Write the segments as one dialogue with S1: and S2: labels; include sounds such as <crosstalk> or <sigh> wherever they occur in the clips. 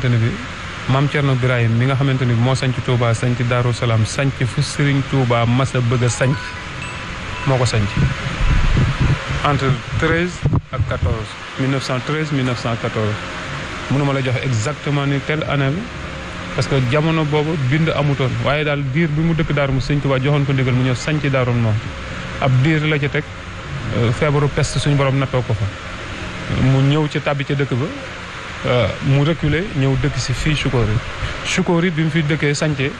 S1: xamante ne bi maam Thierno nga xamante ne bi moo sanc Touba sanc Darou Salaam sanc fu Serigne Touba ma a bëgg a sanc moo ko sanc entre 13 ak 14 1913 1914 mënuma la jox exactement ni telle année parce que jamono boobu bind amutoon waaye daal diir bi mu dëkk Darou mu Serigne Touba joxoon ko ndigal mu ñëw sanc Darou Moom ab diir la ci teg euh, feebaru pest suñu borom nattoo ko fa mu ñëw ci tàbbi ca dëkk ba Euh, mu reculer ñëw dëkk si fii Choukorit Choukorit bi mu fi dëkkee sànce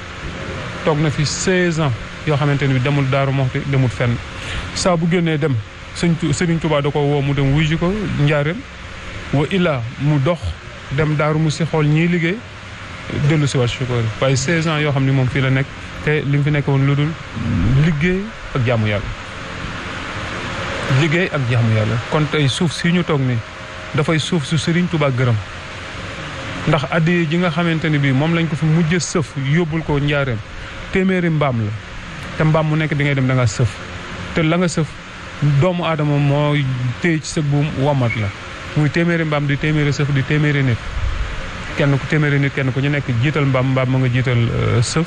S1: toog na fi 16 ans yoo xamante ni bi demul Daaru Moxti demul fenn saa bu génnee dem sëñ Sëriñ Tuubaa da ko woo mu dem wuyu ko njaareem wa illa mu dox dem Daaru mu Muxti xool ñiy liggéey dellu si waat Choukorit waaye 16 ans yoo xam ne moom fii la nekk te li mu fi nekkoon lu dul liggéey ak jaamu yàlla liggéey ak jaamu yàlla kon tey suuf si ñu toog nii dafay suuf su Serigne Touba gërëm ndax addi ji nga xamante ni bii moom lañ ko fi mujj sëf yóbbul ko njaareem téeméeri mbaam la te mbaam mu nekk di ngay dem da sëf te la nga sëf doomu aadama moo téye ci sëg buum wamat la muy téeméeri mbaam di téeméeri sëf di téeméeri nit kenn ku téeméeri nit kenn ku ñu nekk jiital mbaam mbaam ma nga jiital euh, sëf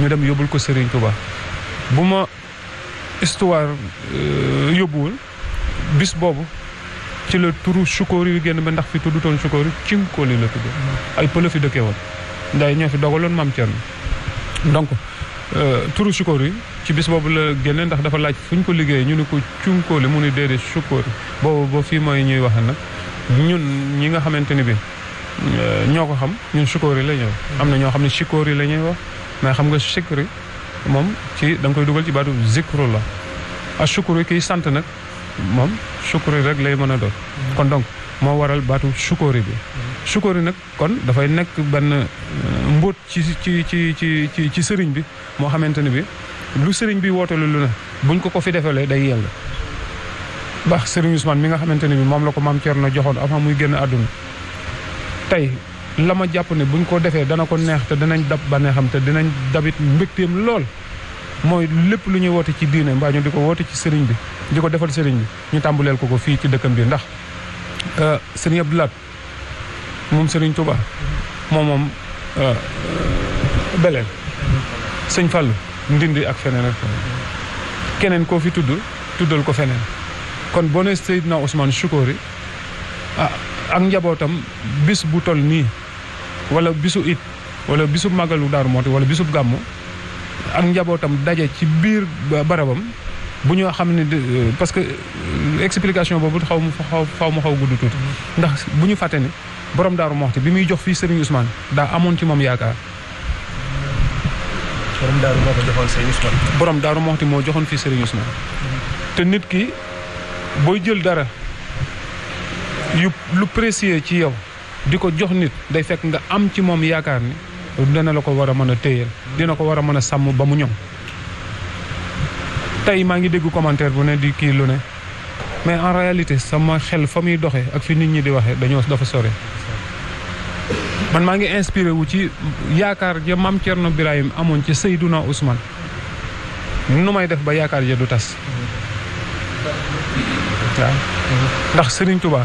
S1: ñu dem yóbbul ko Serigne Touba bu ma histoire euh, yóbbuwul bis boobu ci la turu sukóor yu génn ba ndax fi tuddutoon sukóor yi cinkooli la tudd ay pël fi dëkkee woon nday ñoo fi dogaloon maam Thierno donc euh, turu sukóor yi ci bis boobu la génne ndax dafa laaj fu ñu ko liggéeyee ñu ni ko yi mu ni déedéet sukóor yi boobu ba fii mooy ñuy wax nag ñun ñi nga xamante ni bi euh, ñoo ko xam ñun sukóor yi la ñuy wax am na ñoo xam ne sikóor yi la ñuy wax mais xam nga sikri moom ci da koy dugal ci baatu zikru la a sukóor yi kiy sant nag moom sukuri rek lay mën a doon. kon donc moo waral baatu sukuri bi. sukuri nag kon dafay nekk benn euh, mbóot ci ci ci ci ci ci sëriñ bi moo xamante ne bi lu sëriñ bi woote lu ne buñ ko ko fi defalee day yell. baax sëriñ Ousmane mi nga xamante ne bi moom la ko maam na joxoon avant muy génn àdduna tey la ma jàpp ne buñ ko defee dana ko neex te danañ dab ba neexam te dinañ dabit mbégteem lool. mooy lépp lu ñuy woote ci diine mbaa ñu di ko woote ci sëriñ bi di ko defal sëriñ bi ñu tàmbaleel ko ko fii ci dëkkam bi ndax euh, sëriñ Abdou Lahad moom sëriñ Touba moom moom euh, Beleel sëñ Fallou Ndindi ak feneen ak keneen koo fi tudd tuddal ko feneen kon boo nee Seydina Ousmane Choukori ah ak njabootam bis bu toll nii walla bisu it wala bisu màggalu Daaru Mooti wala bisu gàmmu ak njabootam daje ci biir barabam bu ñoo xam ne euh, parce que euh, explication boobu xaw ma xaw ma xaw gudd tuuti mm-hmm. ndax bu ñu fàtte ni borom daaru moxti bi muy jox fii Serigne Ousmane daa amoon ci moom yaakaar. borom daaru moo borom daaru moxti moo joxoon fii Serigne Ousmane. Mm-hmm. te nit ki booy jël dara lu précieux ci yow di ko jox nit day fekk nga am ci moom yaakaar ni. dina la ko war a mën a téyeel dina ko war a mën a sàmm ba mu ñoŋ tey maa ngi dégg commentaire bu ne di kii lu ne mais en réalité sama xel fa muy doxee ak fi nit ñi di waxee dañoo dafa sore man maa ngi inspiré wu ci yaakaar ja maam Thierno Birahim amoon ci Seydouna Ousmane nu may def ba yaakaar ja du tas waaw ndax Serigne Touba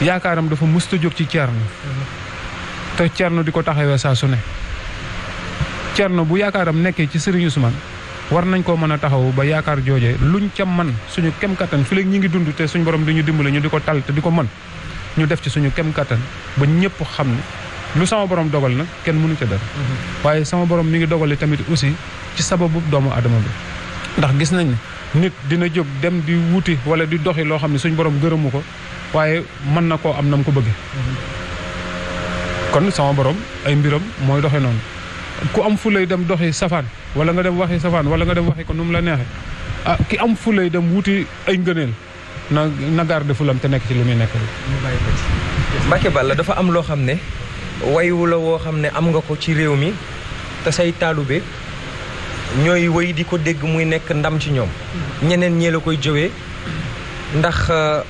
S1: yaakaaram dafa musta jóg ci Thierno te Thierno di ko taxawee saa su ne Thierno bu yaakaaram nekkee ci Serigne Ousmane war nañ koo mën a taxaw ba yaakaar jooje ñu ca man suñu kem kattan fi léegi ñu ngi dund te suñu borom di ñu dimbale ñu di ko tal te di ko mën ñu def ci suñu kem kattan ba ñëpp xam ne lu sama borom dogal na kenn mënu ca dara. waaye sama borom mi ngi dogale tamit aussi ci sababu doomu aadama bi ndax gis nañ ne nit dina jóg dem di wuti walla di doxi loo xam ne suñu borom gërëmu ko waaye mën na koo am na ko bëggee. kon sama borom ay mbiram mooy doxe noonu ku am fu lay dem doxi safaan wala nga dem waxi safaan wala nga dem waxi ko nu mu la neexee ah ki am fu lay dem wuti ay ngëneel na na garde fulam te nekk ci li muy nekk.
S2: ñu bàyyi ko ci. Mbacke dafa am loo xam ne wayu woo xam ne am nga ko ci réew mi te say taalube ñooy wéy di ko dégg muy nekk ndam ci ñoom. ñeneen ñee la koy jëwee ndax euh,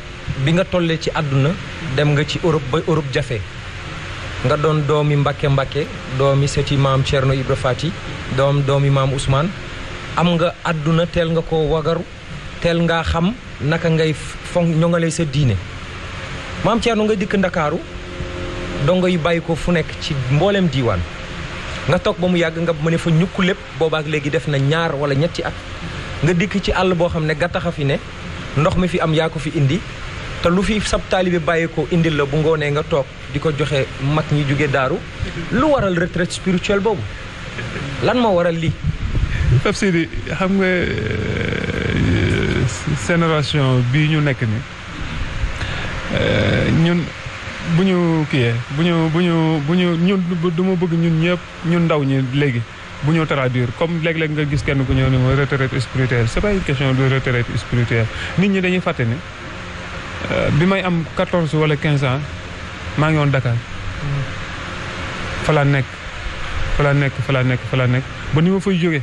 S2: bi nga tollee ci àdduna dem nga ci Europe ba Europe jafe. nga doon doomi Mbacke Mbacke doomi sëti maam Thierno Ibra Fati doom doomi maam Ousmane am nga àdduna teel nga ko wagaru teel ngaa xam naka ngay fonk ñoŋale sa diine maam Thierno nga dikk ndakaaru dongo yi bàyyi ko fu nekk ci mboolem diiwaan nga toog ba mu yàgg nga mën fa ñukk lépp booba ak léegi def na ñaar wala ñetti at nga dikk ci àll boo xam ne gattax a fi ne ndox mi fi am yaa ko fi indi te lu fi sab taalibe bàyyi ko indil la bu ngoonee nga toog di ko joxe mag ñi jóge daaru lu waral retraite spirituelle boobu lan moo waral lii.
S1: Pape Sidi xam nga sénération euh, bii ñu nekk ni euh, ñun bu ñu kiyee bu ñu bu ñu ñu du ma bëgg ñun ñëpp ñun ndaw ñi léegi bu ñu traduire comme léeg-léeg nga gis kenn ku ñëw ne mooy retraite spirituelle c'est pas une question de spirituelle nit ñi dañuy fàtte ni. Euh, bi may am quatorze wala quinze ans maa ngi woon Dakar fa nekk fa nekk fa nekk fa nekk ba ni ma fay jóge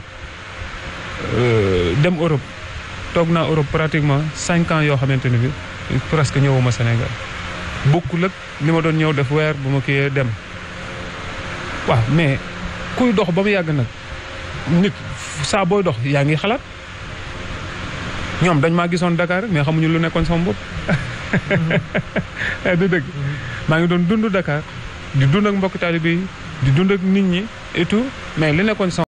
S1: euh, dem Europe toog naa Europe pratiquement cinq ans yoo xamante ni bi presque ñëwuma Sénégal bokkul ak li ma doon ñëw def weer bu ma kiyee dem waaw mais kuy dox ba mu yàgg nag nit saa booy dox yaa ngi xalaat ñoom dañ maa gisoon Dakar mais xamuñu lu nekkoon sama bopp. <laughs> du dëgg maa ngi doon dund Dakar di dund ak bi di dund nit ñi et tout mais li nekkoon sama